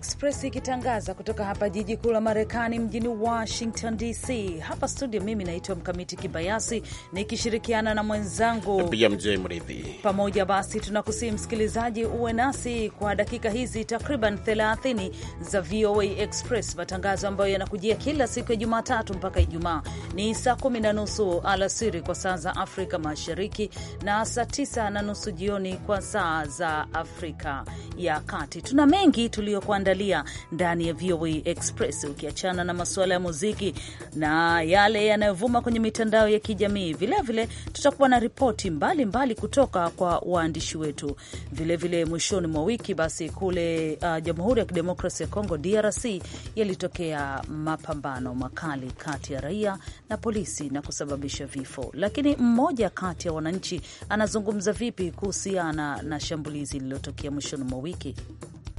Express ikitangaza kutoka hapa jiji kuu la Marekani, mjini Washington DC. Hapa studio, mimi naitwa Mkamiti Kibayasi nikishirikiana na mwenzangu BMJ Mridhi. Pamoja basi, tunakusihi msikilizaji uwe nasi kwa dakika hizi takriban 30 za VOA Express, matangazo ambayo yanakujia kila siku ya Jumatatu mpaka Ijumaa. Ni saa kumi na nusu alasiri kwa saa za Afrika Mashariki na saa tisa na nusu jioni kwa saa za Afrika ya Kati. Tuna mengi tuliyokuandaa tumekuandalia ndani ya VOA e Express. Ukiachana na masuala ya muziki na yale yanayovuma kwenye mitandao ya kijamii, vilevile tutakuwa na ripoti mbalimbali kutoka kwa waandishi wetu, vilevile mwishoni mwa wiki. Basi kule uh, Jamhuri ya Kidemokrasi ya Kongo DRC yalitokea mapambano makali kati ya raia na polisi na kusababisha vifo, lakini mmoja kati ya wananchi anazungumza vipi kuhusiana na shambulizi lililotokea mwishoni mwa wiki?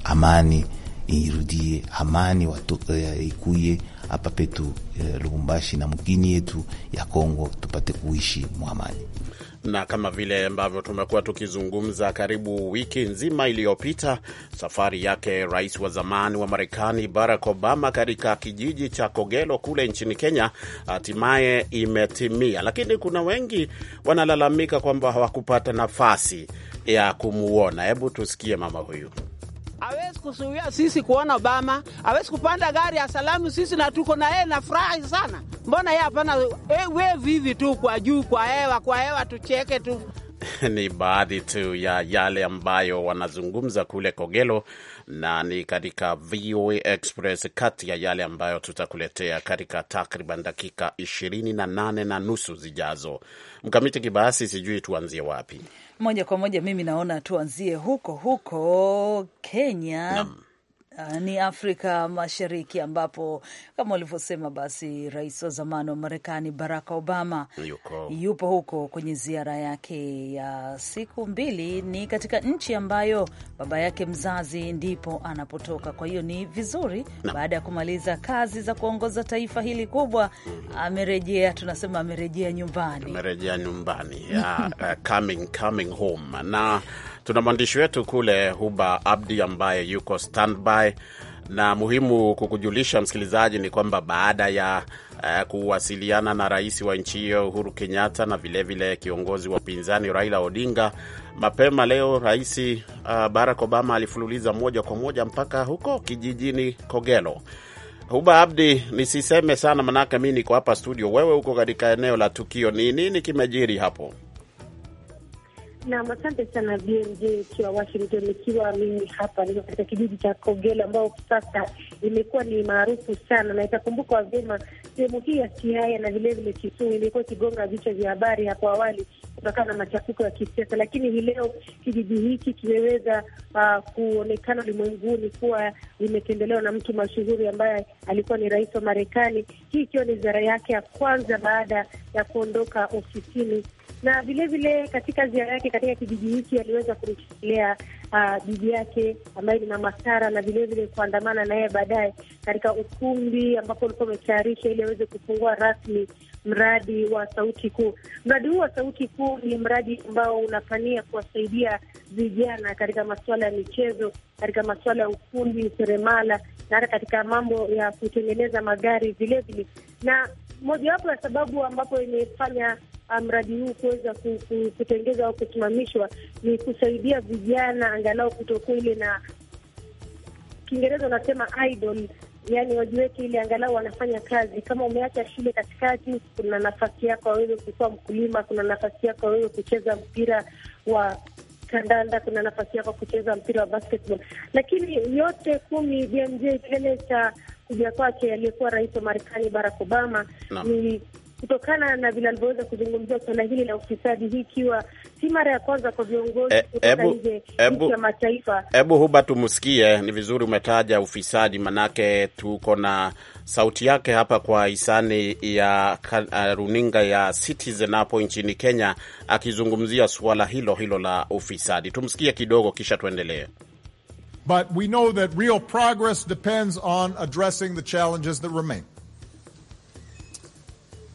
Amani irudie amani watu, uh, ikuye hapa petu uh, Lubumbashi na mgini yetu ya Kongo tupate kuishi mwamani. Na kama vile ambavyo tumekuwa tukizungumza karibu wiki nzima iliyopita, safari yake rais wa zamani wa Marekani Barack Obama katika kijiji cha Kogelo kule nchini Kenya hatimaye imetimia, lakini kuna wengi wanalalamika kwamba hawakupata nafasi ya kumuona. Hebu tusikie mama huyu awezi kusuia sisi kuona Obama, awezi kupanda gari ya salamu sisi na tuko na yeye na furahi sana. Mbona yeye hapana? Eh, We vivi tu kwa juu, kwa hewa, kwa hewa tucheke tu. Ni baadhi tu ya yale ambayo wanazungumza kule Kogelo, na ni katika VOA Express, kati ya yale ambayo tutakuletea katika takriban dakika ishirini na nane na nusu zijazo. Mkamiti Kibayasi, sijui tuanzie wapi? Moja kwa moja mimi naona tuanzie huko huko Kenya. Nam. Ah, ni Afrika Mashariki ambapo kama walivyosema basi rais wa zamani wa Marekani Barack Obama yuko, yupo huko kwenye ziara yake ya siku mbili. Ni katika nchi ambayo baba yake mzazi ndipo anapotoka, kwa hiyo ni vizuri na, baada ya kumaliza kazi za kuongoza taifa hili kubwa mm -hmm. amerejea, tunasema amerejea nyumbani, amerejea nyumbani yeah, uh, coming, coming home na Tuna mwandishi wetu kule Huba Abdi ambaye yuko standby, na muhimu kukujulisha msikilizaji ni kwamba baada ya uh, kuwasiliana na rais wa nchi hiyo Uhuru Kenyatta na vilevile vile kiongozi wa upinzani Raila Odinga mapema leo, rais uh, Barack Obama alifululiza moja kwa moja mpaka huko kijijini Kogelo. Huba Abdi, nisiseme sana manake mi niko hapa studio, wewe huko katika eneo la tukio. Ni nini kimejiri hapo? Nam, asante sana BMJ ikiwa Washington, ikiwa mimi hapa niko katika kijiji cha Kogelo ambao sasa imekuwa ni maarufu sana, na itakumbuka vyema sehemu hii ya Siaya na vilevile Kisumu imekuwa ikigonga vichwa vya habari hapo awali kutokana na machafuko ya kisiasa, lakini hii leo kijiji hiki kimeweza uh, kuonekana ulimwenguni kuwa limetembelewa na mtu mashuhuri ambaye alikuwa ni rais wa Marekani, hii ikiwa ni ziara yake ya kwanza baada ya kuondoka ofisini na vilevile katika ziara yake katika kijiji hiki aliweza kumshikilia uh, bibi yake ambaye ni mama Sara, na vilevile kuandamana naye baadaye katika ukumbi ambapo ulikuwa umetayarisha ili aweze kufungua rasmi mradi wa Sauti Kuu. Mradi huu wa Sauti Kuu ni mradi ambao unapania kuwasaidia vijana katika masuala ya michezo, katika masuala ya ufundi, useremala na hata katika mambo ya kutengeneza magari vilevile. Na mojawapo ya sababu ambapo imefanya uh, mradi huu kuweza kutengeza au kusimamishwa ni kusaidia vijana angalau kutokuwa ile na Kiingereza unasema idol yani wajiweke ili angalau wanafanya kazi. Kama umeacha shule katikati, kuna nafasi yako wewe kukuwa mkulima, kuna nafasi yako wewe kucheza mpira wa kandanda, kuna nafasi yako kucheza mpira wa basketball. Lakini yote kumi, BMJ kilele cha kuja kwake aliyekuwa rais wa Marekani Barack Obama no. ni kutokana na vile alivyoweza kuzungumzia suala hili la ufisadi, hii ikiwa si mara ya kwanza kwa viongozi e, kutoka nje ya mataifa. Hebu Huba tumsikie, ni vizuri umetaja ufisadi, manake tuko na sauti yake hapa kwa hisani ya uh, runinga ya Citizen hapo nchini Kenya, akizungumzia suala hilo hilo la ufisadi. Tumsikie kidogo, kisha tuendelee. But we know that real progress depends on addressing the challenges that remain.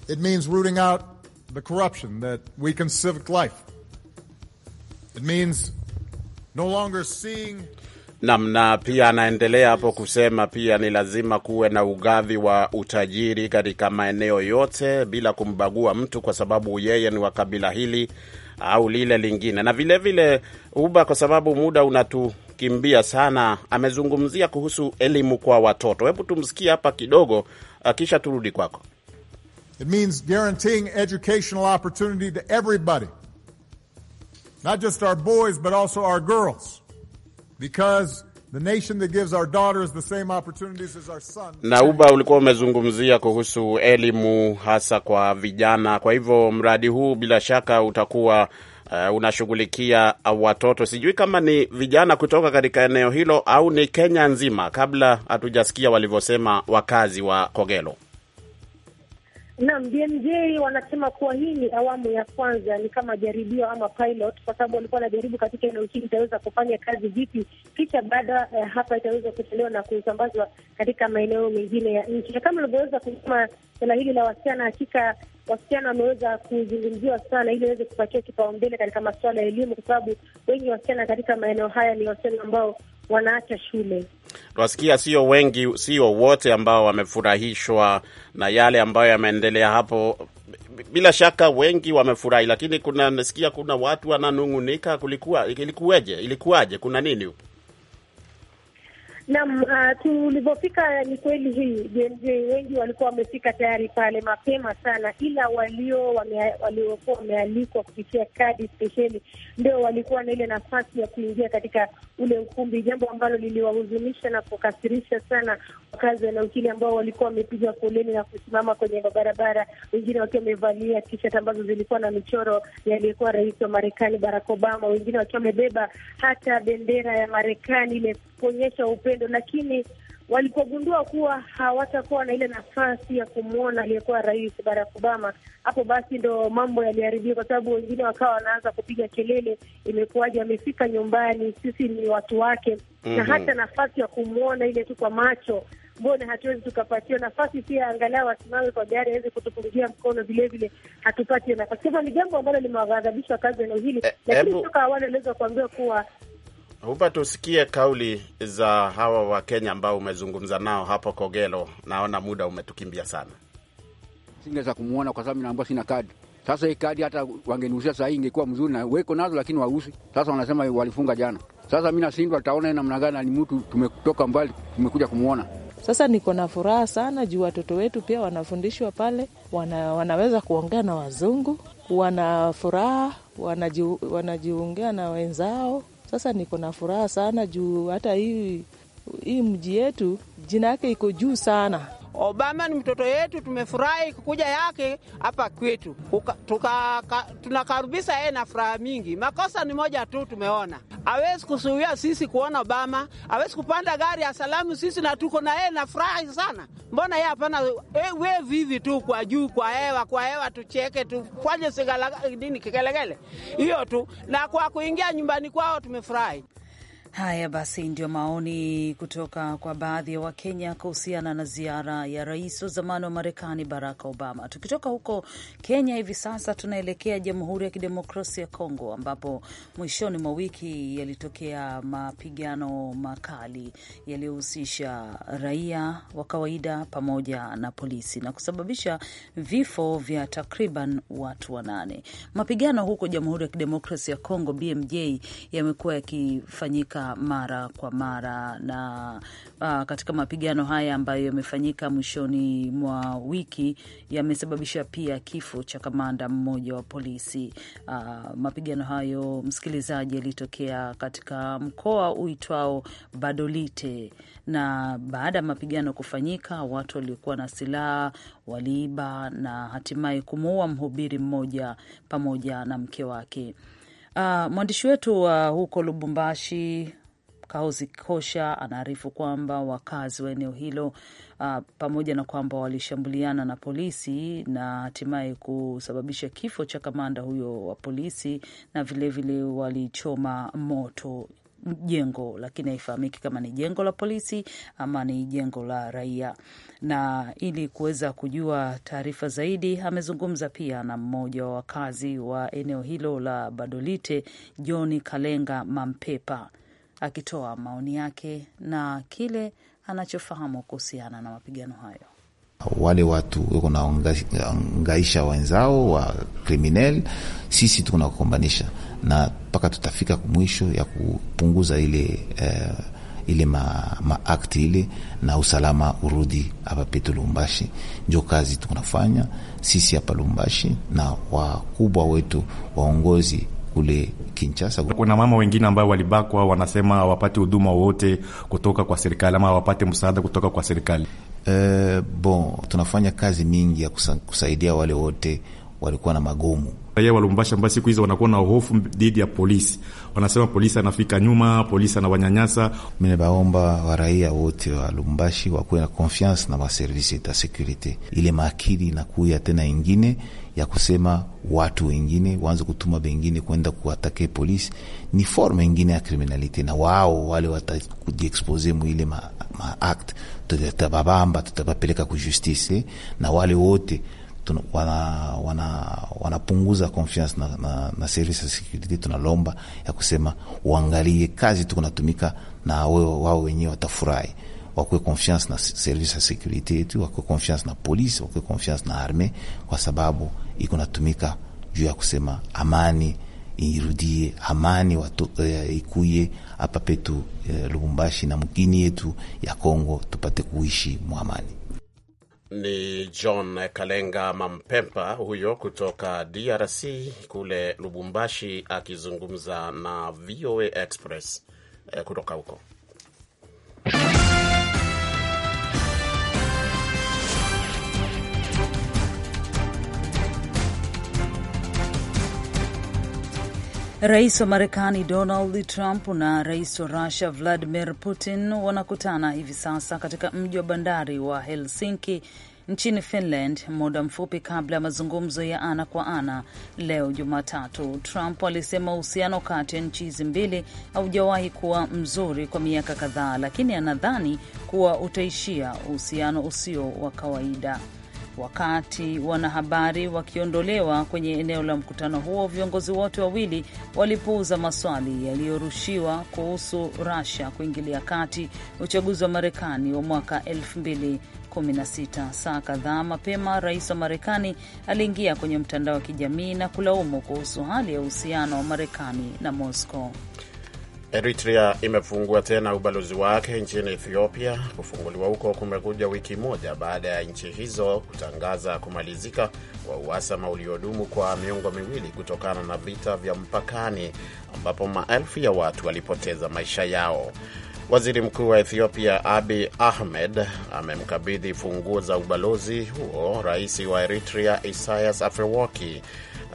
It means rooting out the corruption that weakens civic life. It means no longer seeing namna pia anaendelea hapo kusema pia ni lazima kuwe na ugavi wa utajiri katika maeneo yote bila kumbagua mtu kwa sababu yeye ni wa kabila hili au lile lingine. Na vilevile vile, Uba, kwa sababu muda unatukimbia sana, amezungumzia kuhusu elimu kwa watoto. Hebu tumsikie hapa kidogo, kisha turudi kwako. It means guaranteeing educational opportunity to everybody, not just our boys, but also our girls, because the nation that gives our daughters the same opportunities as our sons. Na uba ulikuwa umezungumzia kuhusu elimu hasa kwa vijana. Kwa hivyo mradi huu bila shaka utakuwa uh, unashughulikia watoto, sijui kama ni vijana kutoka katika eneo hilo au ni Kenya nzima, kabla hatujasikia walivyosema wakazi wa Kogelo. Naam, BMJ wanasema kuwa hii ni awamu ya kwanza, ni kama jaribio ama pilot, kwa sababu walikuwa wanajaribu katika eneo hili itaweza kufanya kazi vipi, kisha baada ya eh, hapa itaweza kutolewa na kusambazwa katika maeneo mengine ya nchi, na kama ulivyoweza kusema swala hili la wasichana, hakika wasichana wameweza kuzungumziwa sana ili waweze kupatia kipaumbele katika masuala ya elimu, kwa sababu wengi wasichana katika maeneo haya ni wasichana ambao wanaacha shule. Twasikia sio wengi, sio wote ambao wamefurahishwa na yale ambayo yameendelea hapo. Bila shaka wengi wamefurahi, lakini kuna nasikia kuna watu wananung'unika. Kulikuwa ilikuwaje? Ilikuwaje? kuna nini huko? Naam, uh, tulivyofika ni kweli hii JMJ, wengi walikuwa wamefika tayari pale mapema sana, ila walio waliokuwa wamealikwa kupitia kadi spesheli ndio walikuwa na ile nafasi ya kuingia katika ule ukumbi, jambo ambalo liliwahuzunisha na kukasirisha sana wakazi wa eneo hili ambao walikuwa wamepiga foleni na kusimama kwenye barabara, wengine wakiwa wamevalia t-shirt ambazo zilikuwa na michoro yaliyekuwa rais wa Marekani Barack Obama, wengine wakiwa wamebeba hata bendera ya Marekani ile kuonyesha upendo upendo, lakini walipogundua kuwa hawatakuwa na ile nafasi ya kumwona aliyekuwa rais Barack Obama, hapo basi ndo mambo yaliharibika, kwa sababu wengine wakawa wanaanza kupiga kelele, imekuwaje amefika nyumbani, sisi ni watu wake. mm -hmm. na mhm. hata nafasi ya kumwona ile tu kwa macho mbona hatuwezi tukapatiwa nafasi pia, angalau asimame kwa gari aweze kutupungia mkono vilevile, hatupati nafasi. Hivyo ni jambo ambalo limewaghadhabisha kazi eneo hili, eh, lakini toka awali aliweza kuambia kuwa Hupa, tusikie kauli za hawa Wakenya ambao umezungumza nao hapo Kogelo. Naona muda umetukimbia sana, singeweza kumwona kwa sababu naambia sina kadi. Sasa hii kadi hata wangeniusia sahii ingekuwa mzuri na weko nazo, lakini wausi. Sasa wanasema walifunga jana. Sasa mi nashindwa, taona namna gani? Ni mtu tumetoka mbali, tumekuja kumwona. Sasa niko na furaha sana juu watoto wetu pia wanafundishwa pale, wana, wanaweza kuongea na wazungu, wana furaha, wanajiungea na wenzao sasa niko na furaha sana juu hata hii hii mji yetu jina yake iko juu sana. Obama ni mtoto yetu, tumefurahi kukuja yake hapa kwetu, tunakaribisha yeye na furaha mingi. Makosa ni moja tu, tumeona awezi kusuhia sisi kuona Obama, awezi kupanda gari ya salamu sisi, na tuko na yeye na furahi sana. Mbona yeye hapana? Eh, We vivi tu kwa juu, kwa hewa, kwa hewa, tucheke, tufanye nini, kikelegele hiyo tu, na kwa kuingia nyumbani kwao tumefurahi. Haya basi, ndio maoni kutoka kwa baadhi ya wa Wakenya kuhusiana na ziara ya rais wa zamani wa Marekani Barack Obama. Tukitoka huko Kenya hivi sasa tunaelekea Jamhuri ya Kidemokrasia ya Kongo, ambapo mwishoni mwa wiki yalitokea mapigano makali yaliyohusisha raia wa kawaida pamoja na polisi na kusababisha vifo vya takriban watu wanane. Mapigano huko Jamhuri ya Kidemokrasia ya Kongo, BMJ, yamekuwa yakifanyika Afrika mara kwa mara. Na a, uh, katika mapigano haya ambayo yamefanyika mwishoni mwa wiki yamesababisha pia kifo cha kamanda mmoja wa polisi. A, uh, mapigano hayo, msikilizaji, yalitokea katika mkoa uitwao Badolite, na baada ya mapigano kufanyika, watu waliokuwa na silaha waliiba na hatimaye kumuua mhubiri mmoja pamoja na mke wake. Uh, mwandishi wetu wa uh, huko Lubumbashi Kaozi Kosha anaarifu kwamba wakazi wa eneo hilo uh, pamoja na kwamba walishambuliana na polisi na hatimaye kusababisha kifo cha kamanda huyo wa polisi, na vilevile vile walichoma moto jengo, lakini haifahamiki kama ni jengo la polisi ama ni jengo la raia. Na ili kuweza kujua taarifa zaidi, amezungumza pia na mmoja wa wakazi wa eneo hilo la Badolite, John Kalenga Mampepa, akitoa maoni yake na kile anachofahamu kuhusiana na mapigano hayo. Wale watu weko naangaisha wenzao wa kriminel, sisi tunakombanisha na mpaka tutafika mwisho ya kupunguza ile eh, ile maakti ma ile na usalama urudi hapa petu Lubumbashi. Njo kazi tunafanya sisi hapa Lubumbashi na wakubwa wetu waongozi kule Kinshasa. Kuna mama wengine ambao walibakwa, wanasema hawapate huduma wowote kutoka kwa serikali ama hawapate msaada kutoka kwa serikali. Uh, bon, tunafanya kazi mingi ya kusa, kusaidia wale wote walikuwa na magumu. Raia wa Lubumbashi ambao siku hizo wanakuwa na hofu dhidi ya polisi, wanasema polisi anafika nyuma, polisi anawanyanyasa. Mi wa raia wote wa Lubumbashi wakuwe na confiance na maservisi ya sekurite, ile maakili inakuya tena ingine ya kusema watu wengine waanze kutuma bengine kwenda kuwatake polisi, ni forma ingine ya kriminalite, na wao wale watajiexpose mwile ma, ma act tutababamba, tutabapeleka ku na wale wote wana, wana, wanapunguza confiance na, na, na service ya security. Tunalomba ya kusema uangalie kazi tuko natumika na wewe, wao wenyewe watafurahi, wakuwe confiance na service ya security yetu, wakuwe confiance na polisi, wakuwe confiance na arme, kwa sababu iko natumika juu ya kusema amani irudie amani watu, eh, ikuye hapa petu eh, Lubumbashi na mkini yetu ya Kongo tupate kuishi mwamani. Ni John Kalenga Mampempa huyo kutoka DRC kule Lubumbashi, akizungumza na VOA Express eh, kutoka huko. Rais wa Marekani Donald Trump na rais wa Rusia Vladimir Putin wanakutana hivi sasa katika mji wa bandari wa Helsinki nchini Finland muda mfupi kabla ya mazungumzo ya ana kwa ana leo Jumatatu. Trump alisema uhusiano kati ya nchi hizi mbili haujawahi kuwa mzuri kwa miaka kadhaa, lakini anadhani kuwa utaishia uhusiano usio wa kawaida. Wakati wanahabari wakiondolewa kwenye eneo la mkutano huo, viongozi wote wawili walipuuza maswali yaliyorushiwa kuhusu Russia kuingilia kati uchaguzi wa Marekani wa mwaka 2016. Saa kadhaa mapema, rais wa Marekani aliingia kwenye mtandao wa kijamii na kulaumu kuhusu hali ya uhusiano wa Marekani na Moscow. Eritrea imefungua tena ubalozi wake nchini Ethiopia. Kufunguliwa huko kumekuja wiki moja baada ya nchi hizo kutangaza kumalizika kwa uhasama uliodumu kwa miongo miwili kutokana na vita vya mpakani, ambapo maelfu ya watu walipoteza maisha yao. Waziri Mkuu wa Ethiopia Abi Ahmed amemkabidhi funguo za ubalozi huo rais wa Eritrea Isaias Afwerki.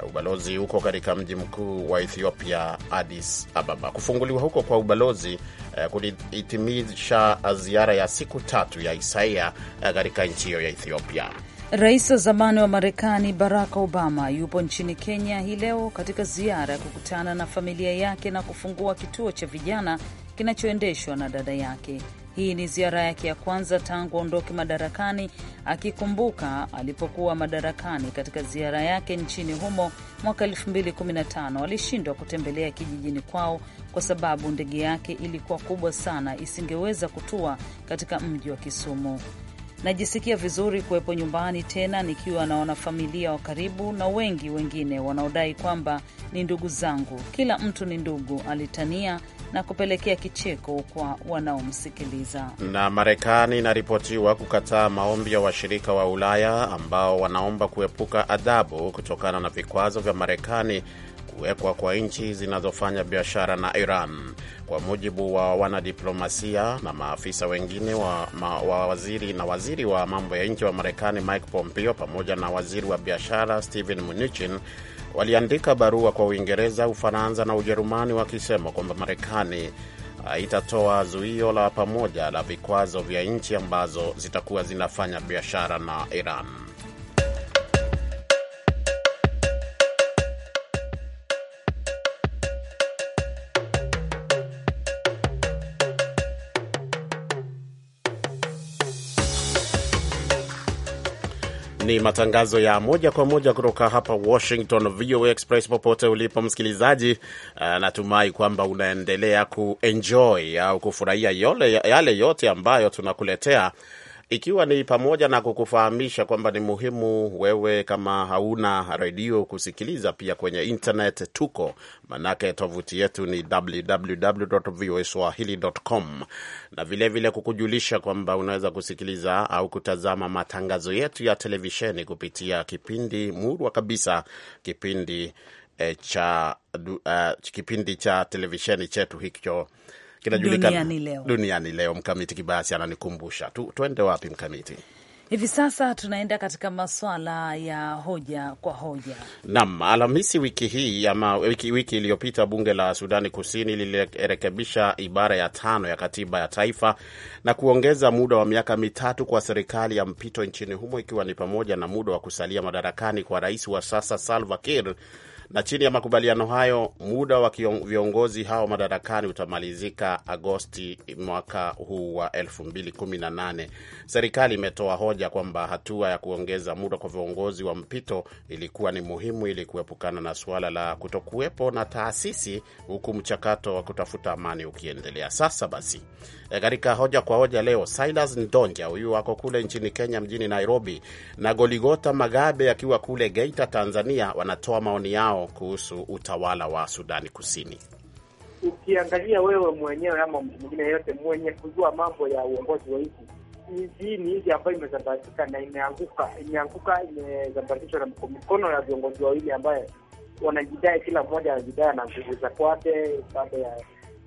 Ubalozi huko katika mji mkuu wa Ethiopia, Addis Ababa. Kufunguliwa huko kwa ubalozi eh, kulihitimisha ziara ya siku tatu ya Isaia eh, katika nchi hiyo ya Ethiopia. Rais wa zamani wa Marekani Barack Obama yupo nchini Kenya hii leo katika ziara ya kukutana na familia yake na kufungua kituo cha vijana kinachoendeshwa na dada yake. Hii ni ziara yake ya kwanza tangu aondoke madarakani, akikumbuka alipokuwa madarakani. Katika ziara yake nchini humo mwaka 2015 alishindwa kutembelea kijijini kwao kwa sababu ndege yake ilikuwa kubwa sana, isingeweza kutua katika mji wa Kisumu. Najisikia vizuri kuwepo nyumbani tena nikiwa na wanafamilia wa karibu na wengi wengine wanaodai kwamba ni ndugu zangu. Kila mtu ni ndugu, alitania na kupelekea kicheko kwa wanaomsikiliza. Na Marekani inaripotiwa kukataa maombi ya washirika wa Ulaya ambao wanaomba kuepuka adhabu kutokana na vikwazo vya Marekani kuwekwa kwa nchi zinazofanya biashara na Iran. Kwa mujibu wa wanadiplomasia na maafisa wengine wa, ma, wa waziri na waziri wa mambo ya nje wa Marekani Mike Pompeo pamoja na waziri wa biashara Steven Mnuchin waliandika barua kwa Uingereza, Ufaransa na Ujerumani wakisema kwamba Marekani ah, itatoa zuio la pamoja la vikwazo vya nchi ambazo zitakuwa zinafanya biashara na Iran. Ni matangazo ya moja kwa moja kutoka hapa Washington, VOA Express. Popote ulipo msikilizaji, uh, natumai kwamba unaendelea kuenjoy au kufurahia yale yote ambayo tunakuletea ikiwa ni pamoja na kukufahamisha kwamba ni muhimu wewe kama hauna redio kusikiliza pia kwenye internet tuko, manake tovuti yetu ni www.voaswahili.com, na vilevile vile kukujulisha kwamba unaweza kusikiliza au kutazama matangazo yetu ya televisheni kupitia kipindi murwa kabisa, kipindi eh, cha, uh, kipindi cha televisheni chetu hicho kinajulikana duniani leo, duniani leo. Mkamiti Kibayasi ananikumbusha tu, tuende wapi Mkamiti? Hivi sasa tunaenda katika maswala ya hoja kwa hoja. Naam, Alhamisi wiki hii ama wiki, wiki iliyopita bunge la Sudani Kusini lilirekebisha ibara ya tano ya katiba ya taifa na kuongeza muda wa miaka mitatu kwa serikali ya mpito nchini humo, ikiwa ni pamoja na muda wa kusalia madarakani kwa rais wa sasa Salva Kiir na chini ya makubaliano hayo muda wa viongozi hao madarakani utamalizika Agosti mwaka huu wa 2018. Serikali imetoa hoja kwamba hatua ya kuongeza muda kwa viongozi wa mpito ilikuwa ni muhimu ili kuepukana na suala la kutokuwepo na taasisi, huku mchakato wa kutafuta amani ukiendelea. Sasa basi, e, katika hoja kwa hoja leo Silas Ndonja huyu ako kule nchini Kenya mjini Nairobi na Goligota Magabe akiwa kule Geita Tanzania wanatoa maoni yao yao kuhusu utawala wa Sudani Kusini. Ukiangalia wewe mwenyewe ama mwingine yote mwenye kujua mambo ya uongozi wa nchi hii ni nchi ambayo imesambaratika na imeanguka, imeanguka imesambaratishwa na mikono ya viongozi wawili ambaye wanajidai, kila mmoja anajidai na nguvu za kwake, baada ya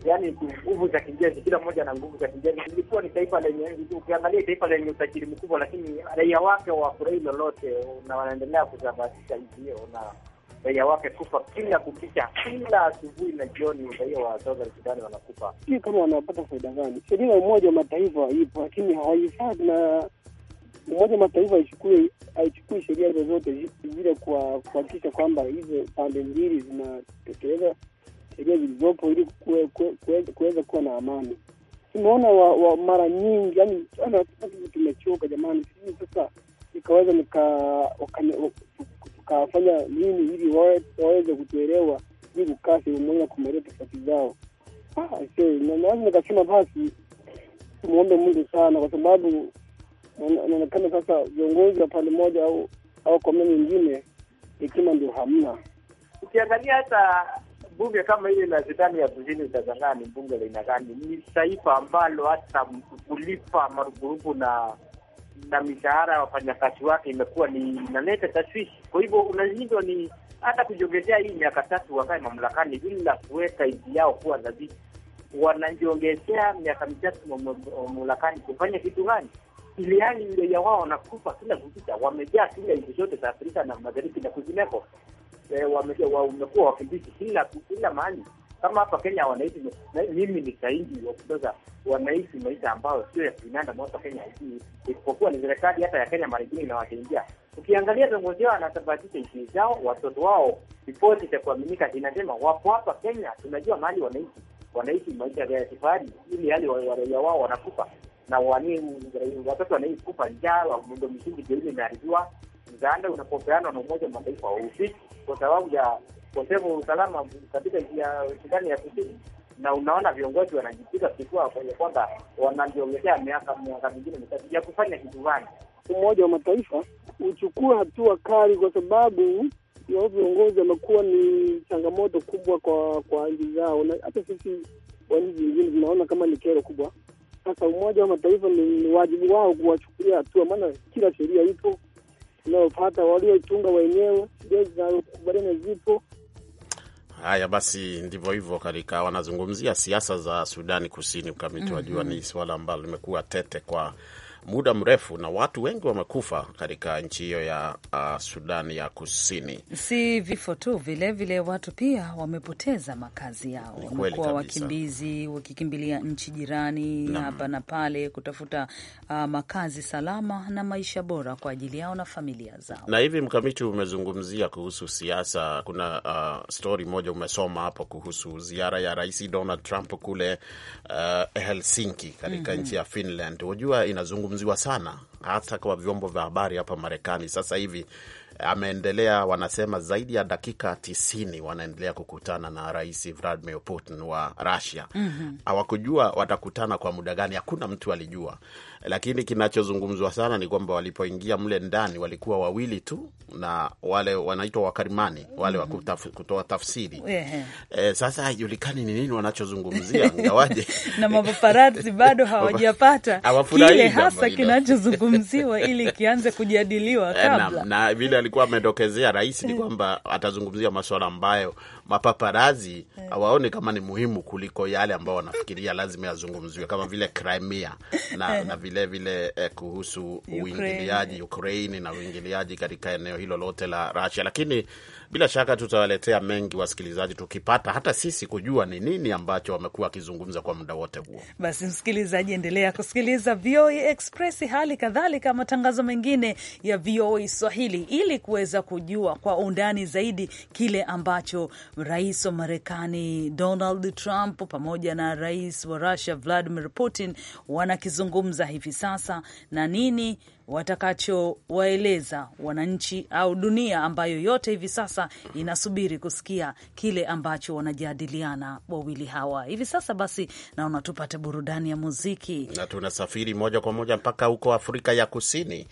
yaani nguvu za kijeshi, kila mmoja na nguvu za kijeshi. Ilikuwa ni taifa lenye, ukiangalia taifa lenye utajiri mkubwa, lakini raia wake wafurahi lolote na wanaendelea kusambaratisha nchi hiyo na raia wake kufa kila kukicha, kila asubuhi na jioni, raia wa South Sudan wanakufa. Sijui kama wanapata faida gani. Sheria ya Umoja wa Mataifa ipo, lakini hawahifadhi na Umoja wa Mataifa haichukui haichukui sheria zozote zile kwa kuhakikisha kwamba hizo pande mbili zinatekeleza sheria zilizopo ili kuweza kuwa na amani. Tumeona wa, wa mara nyingi yani, tumechoka jamani, sasa ikaweza nika tukawafanya nini ili waweze kutuelewa, ili kukaa sehemu kumaliza tofauti zao. Ah, Naweza nikasema basi tumuombe Mungu sana, kwa sababu naonekana sasa viongozi wa pande moja au au kwa mna nyingine, hekima ndio hamna. Ukiangalia hata bunge kama ile la zitani ya Kusini, utashangaa ni bunge la aina gani. Ni taifa ambalo hata kulipa marupurupu na na mishahara ya wafanyakazi wake imekuwa ni inaleta tashwishi. Kwa hivyo unashindwa ni hata kujiongezea hii miaka tatu wakae mamlakani bila kuweka nchi yao kuwa dhabiti. Wanajiongezea miaka mitatu mamlakani kufanya kitu gani? ili hali raia wao wanakufa kila kupita Wamejaa kila nchi zote za Afrika na magharibi na kuzimeko eh, wamekuwa wakimbizi kila mahali. Kama hapa Kenya wanaishi, mimi ni shahidi wa kutoza, wanaishi maisha ambayo sio ya kinanda moto Kenya hii, isipokuwa ni serikali hata ya Kenya mara Marekani inawatengia. Ukiangalia viongozi wao wanasababisha nchi zao, watoto wao ripoti za kuaminika zinasema wapo hapa Kenya, tunajua mahali wanaishi, wanaishi maisha ya kifahari, ili hali waraia wao wanakufa na wani watoto wanaishi kufa njaa, wa muundo msingi ndio ile inaharibiwa. Msaada unapopeanwa na Umoja wa Mataifa haufiki kwa sababu ya ukosefu wa usalama katika ya Sudani ya Kusini, na unaona viongozi wanajipiga kifua kwenye kwamba wanajiongezea miaka miaka mingine mitatu ya kufanya kitu gani. Umoja wa Mataifa uchukue hatua kali, kwa sababu hao viongozi wamekuwa ni changamoto kubwa kwa kwa nchi zao, na hata sisi wa nchi zingine tunaona kama ni kero kubwa. Sasa Umoja wa Mataifa ni wajibu wao kuwachukulia hatua, maana kila sheria ipo unaofata waliotunga wenyewe, sheria zinazokubaliana zipo Haya basi, ndivyo hivyo katika, wanazungumzia siasa za Sudani Kusini ukamiti, mhm. wajua mm -hmm. ni suala ambalo limekuwa tete kwa muda mrefu na watu wengi wamekufa katika nchi hiyo ya uh, Sudani ya Kusini. Si vifo tu, vilevile watu pia wamepoteza makazi yao, wamekuwa wakimbizi wakikimbilia nchi jirani hapa na pale kutafuta uh, makazi salama na maisha bora kwa ajili yao na familia zao. Na hivi Mkamiti, umezungumzia kuhusu siasa, kuna uh, stori moja umesoma hapo kuhusu ziara ya Rais Donald Trump kule uh, Helsinki katika mm -hmm. nchi ya Finland. Unajua inazungumzia anazungumziwa sana hasa kwa vyombo vya habari hapa Marekani sasa hivi. Eh, ameendelea, wanasema zaidi ya dakika tisini wanaendelea kukutana na Rais Vladimir Putin wa Russia. Mhm. Hawakujua mm -hmm. watakutana kwa muda gani, hakuna mtu alijua lakini kinachozungumzwa sana ni kwamba walipoingia mle ndani walikuwa wawili tu, na wale wanaitwa wakarimani wale wa kutoa tafsiri E, sasa haijulikani ni nini wanachozungumzia ngawaje na mapaparazzi bado hawajapata kile hasa kinachozungumziwa ili kianze kujadiliwa e, kabla. E, na vile alikuwa amedokezea rais ni eh. kwamba atazungumzia masuala ambayo mapaparazi eh. hawaoni kama ni muhimu kuliko yale ambao wanafikiria lazima yazungumziwe kama vile Crimea na, eh. na vile vilevile vile eh, kuhusu uingiliaji Ukraine na uingiliaji katika eneo hilo lote la Russia, lakini bila shaka tutawaletea mengi wasikilizaji, tukipata hata sisi kujua ni nini ambacho wamekuwa wakizungumza kwa muda wote huo. Basi msikilizaji, endelea kusikiliza VOA Express, hali kadhalika matangazo mengine ya VOA Swahili ili kuweza kujua kwa undani zaidi kile ambacho rais wa Marekani Donald Trump pamoja na rais wa Russia Vladimir Putin wanakizungumza hivi sasa na nini watakachowaeleza wananchi au dunia ambayo yote hivi sasa inasubiri kusikia kile ambacho wanajadiliana wawili hawa hivi sasa. Basi naona tupate burudani ya muziki, na tunasafiri moja kwa moja mpaka huko Afrika ya Kusini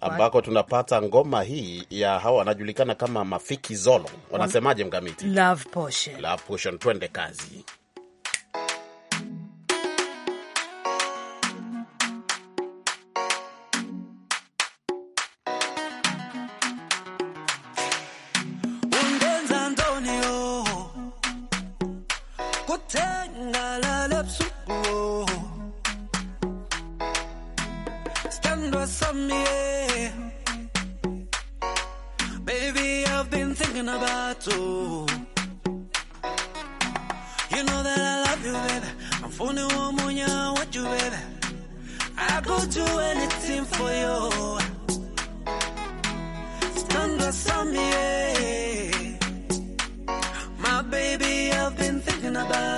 ambako tunapata ngoma hii ya hawa wanajulikana kama Mafiki Zolo. Wanasemaje mkamiti? Love Potion. Love Potion, twende kazi.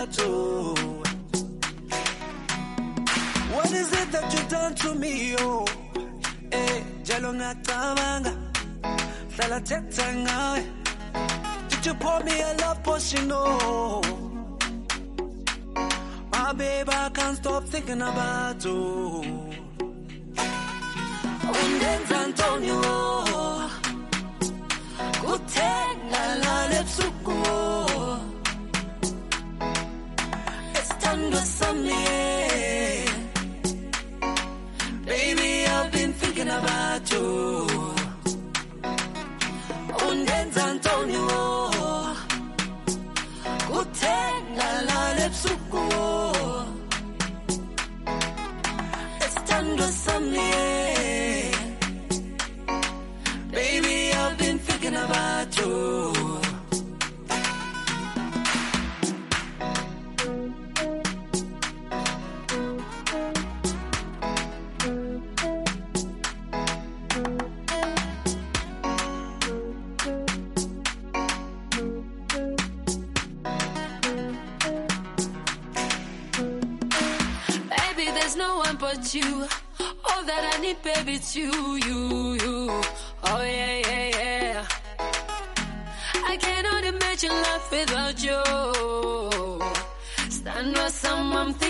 do? What is it that you've done to me, oh? Eh, jalo ngacabanga, hlala thetha ngawe. Did you pour me a love potion, oh? My baby, I can't stop thinking about you. Undenza Antonio, kuthenga lala ebusuku. too.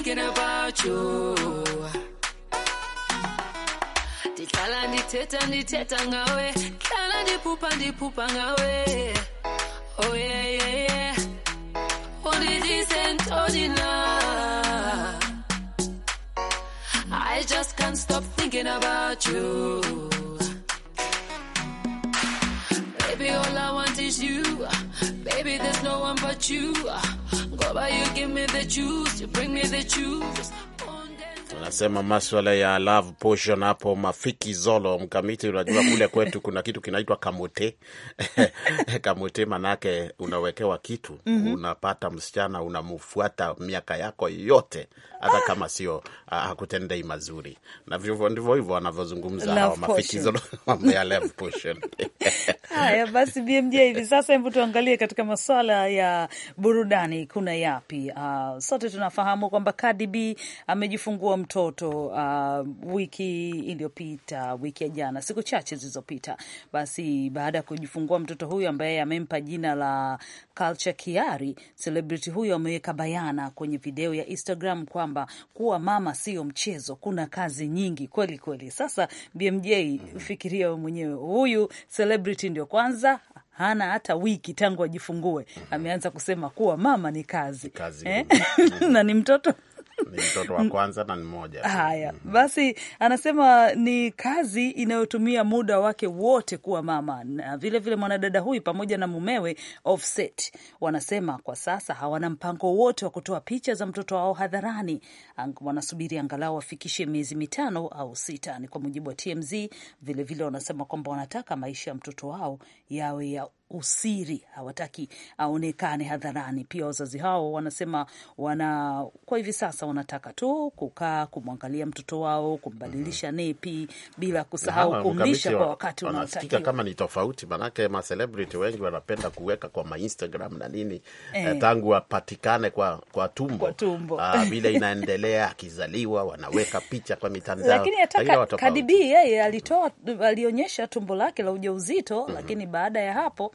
thinking about you. The Ndikhala ndithetha ndithetha ngawe, ndikhala ndiphupha ndiphupha ngawe. Oh yeah yeah yeah. Undidise ntoni na? I just can't stop thinking about you. Baby, all I want is you. Baby, there's no one but you. Go by, you give me the juice to bring me the truth. Anasema maswala ya love potion hapo mafiki zolo mkamiti, unajua kule kwetu kuna kitu kinaitwa kamote kamote, manake unawekewa kitu mm -hmm. Unapata msichana unamfuata miaka yako yote, hata kama sio ah, hakutendei mazuri, na vivyo ndivyo hivyo wanavyozungumza hawa mafiki zolo mambo ya love potion. Haya basi, BMJ, hivi sasa hebu tuangalie katika maswala ya burudani kuna yapi? Uh, sote tunafahamu kwamba Cardi B amejifungua mtoto watoto uh, wiki iliyopita, wiki ya jana, siku chache zilizopita. Basi baada ya kujifungua mtoto huyu ambaye amempa jina la Culture Kiari, celebrity huyu ameweka bayana kwenye video ya Instagram kwamba kuwa mama sio mchezo, kuna kazi nyingi kweli kweli. Sasa BMJ, mhm. fikiria wewe mwenyewe, huyu celebrity ndio kwanza hana hata wiki tangu ajifungue, mhm. ameanza kusema kuwa mama ni kazi, kazi. Eh? na ni mtoto ni mtoto wa kwanza na ni Haya mm. basi, anasema ni kazi inayotumia muda wake wote kuwa mama, na vilevile mwanadada huyu pamoja na mumewe Offset wanasema kwa sasa hawana mpango wote wa kutoa picha za mtoto wao hadharani, wanasubiri angalau wafikishe miezi mitano au sita, ni kwa mujibu wa TMZ. Vilevile wanasema kwamba wanataka maisha ya mtoto wao yawe ya usiri, hawataki aonekane hadharani. Pia wazazi hao wanasema wana kwa hivi sasa wanataka tu kukaa kumwangalia mtoto wao, kumbadilisha mm -hmm. nepi bila kusahau kumlisha kwa wakati unaotakiwa. Kama ni tofauti, manake ma wengi wanapenda kuweka kwa mainstagram na nini eh, eh tangu wapatikane kwa kwa tumbo, kwa tumbo. Ah, vile inaendelea akizaliwa wanaweka picha kwa mitandao, lakini yeye alitoa alionyesha tumbo lake la ujauzito mm -hmm. lakini baada ya hapo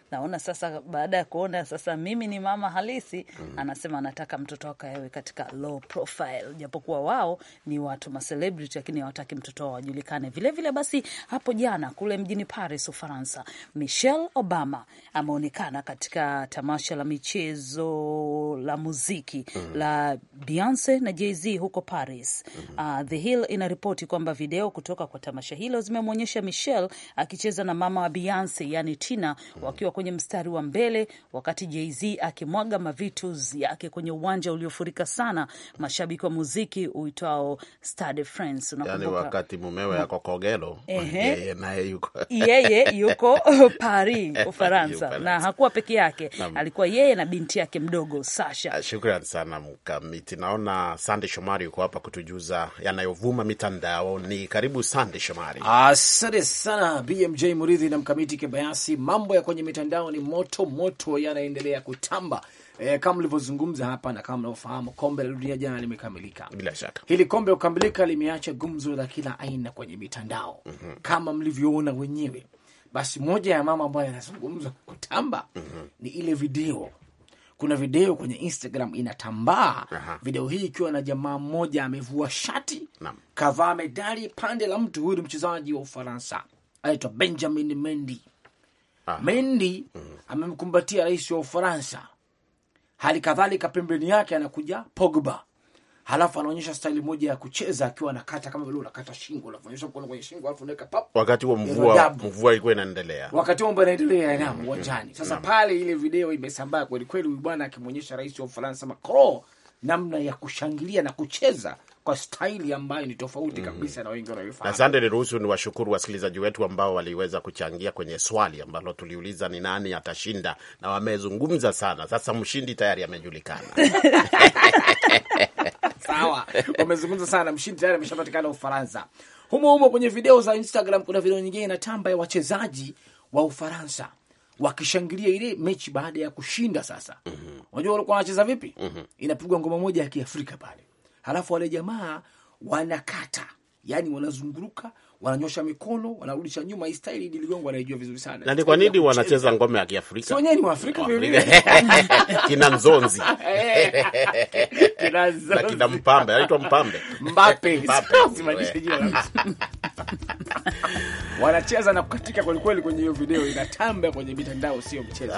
naona sasa, baada ya kuona sasa mimi ni mama halisi mm. Anasema anataka mtoto wake awe katika low profile, japokuwa wao ni watu macelebrity, lakini hawataki mtoto wao ajulikane vilevile. Basi hapo jana kule mjini Paris, Ufaransa, Michelle Obama ameonekana katika tamasha la michezo la muziki mm. la Beyonce na Jay-Z huko Paris mm -hmm. Uh, The Hill inaripoti kwamba video kutoka kwa tamasha hilo zimemwonyesha Michelle akicheza na mama wa Beyonce yani Tina mm. wakiwa kwenye mstari wa mbele, wakati Jay-Z akimwaga mavitu yake kwenye uwanja uliofurika sana mashabiki wa muziki uitwao Stade France. Yani wakati mumewe yako Kogelo, yeye naye yuko yeye yuko Paris, Ufaransa, na hakuwa peke yake na, alikuwa yeye na binti yake mdogo Sasha. Ah, Shukran sana Mkamiti. Naona Sande Shomari yuko hapa kutujuza yanayovuma mitandaoni. Karibu Sande Shomari. Asante sana BMJ Muridhi na Mkamiti Kibayasi, mambo ya kwenye mitandao mitandao ni moto moto, yanaendelea kutamba e, kama mlivyozungumza hapa na kama mnavyofahamu, kombe la dunia jana limekamilika. Bila shaka hili kombe kukamilika limeacha gumzo la kila aina kwenye mitandao mm -hmm. kama mlivyoona wenyewe. Basi moja ya mama ambayo yanazungumzwa kutamba mm -hmm. ni ile video kuna video kwenye Instagram inatambaa. Aha. Video hii ikiwa na jamaa mmoja amevua shati kavaa medali pande la mtu huyu, ni mchezaji wa Ufaransa anaitwa Benjamin Mendy. Mendi mm amemkumbatia rais wa Ufaransa, hali kadhalika pembeni yake anakuja Pogba, halafu anaonyesha staili moja ya kucheza akiwa anakata kama vile unakata shingo, alafu anaonyesha mkono kwenye shingo, alafu unaweka pap. Wakati huo mvua mvua ilikuwa inaendelea, wakati huo inaendelea na mm-hmm. uwanjani. Sasa mm-hmm. pale ile video imesambaa kweli kweli, huyu bwana akimwonyesha rais wa Ufaransa Macron namna ya kushangilia na kucheza kwa staili ambayo ni tofauti mm. kabisa mm -hmm. na wengi wanaoifahamu. Asante, niruhusu ni washukuru wasikilizaji wetu ambao waliweza kuchangia kwenye swali ambalo tuliuliza ni nani atashinda, na wamezungumza sana. Sasa mshindi tayari amejulikana. Sawa, wamezungumza sana, mshindi tayari ameshapatikana Ufaransa. Humo humo kwenye video za Instagram kuna video nyingine inatamba ya wachezaji wa Ufaransa wakishangilia ile mechi baada ya kushinda. Sasa mhm. unajua mm -hmm. walikuwa wanacheza vipi? mm -hmm. inapigwa ngoma moja ya Kiafrika pale, halafu wale jamaa wanakata, yani wanazunguruka wananyosha mikono, wanarudisha nyuma. Hii staili Idi Ligongo anaijua vizuri sana. Na ni kwa nini wanacheza ngoma ya Kiafrika? Si wenyewe ni Waafrika vile vile, kina Mzonzi eh. kina Mzonzi na kina Mpambe, anaitwa Mpambe Mbape, Mbape, simaanishe jina la wanacheza na kukatika kwelikweli kwenye hiyo video, inatamba kwenye mitandao, sio mchezo.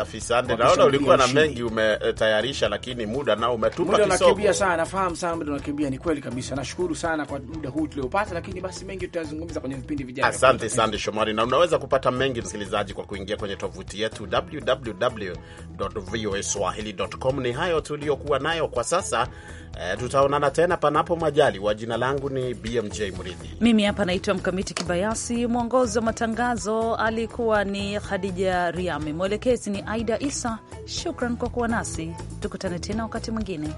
naona ulikuwa na mengi umetayarisha, lakini muda nao umetupa kisogo, unakimbia sana. Nafahamu sana muda unakimbia, ni kweli kabisa. Nashukuru sana kwa muda huu tuliopata, lakini basi mengi tutazungumza kwenye vipindi vijavyo. Asante sande Shomari, na unaweza kupata mengi msikilizaji, kwa kuingia kwenye tovuti yetu www.voaswahili.com. Ni hayo tuliyokuwa nayo kwa sasa. E, tutaonana tena panapo majali wa Jina langu ni BMJ Mridhi, mimi hapa naitwa Mkamiti Kibayasi. Mwongozi wa matangazo alikuwa ni Khadija Riami, mwelekezi ni Aida Isa. Shukran kwa kuwa nasi, tukutane tena wakati mwingine.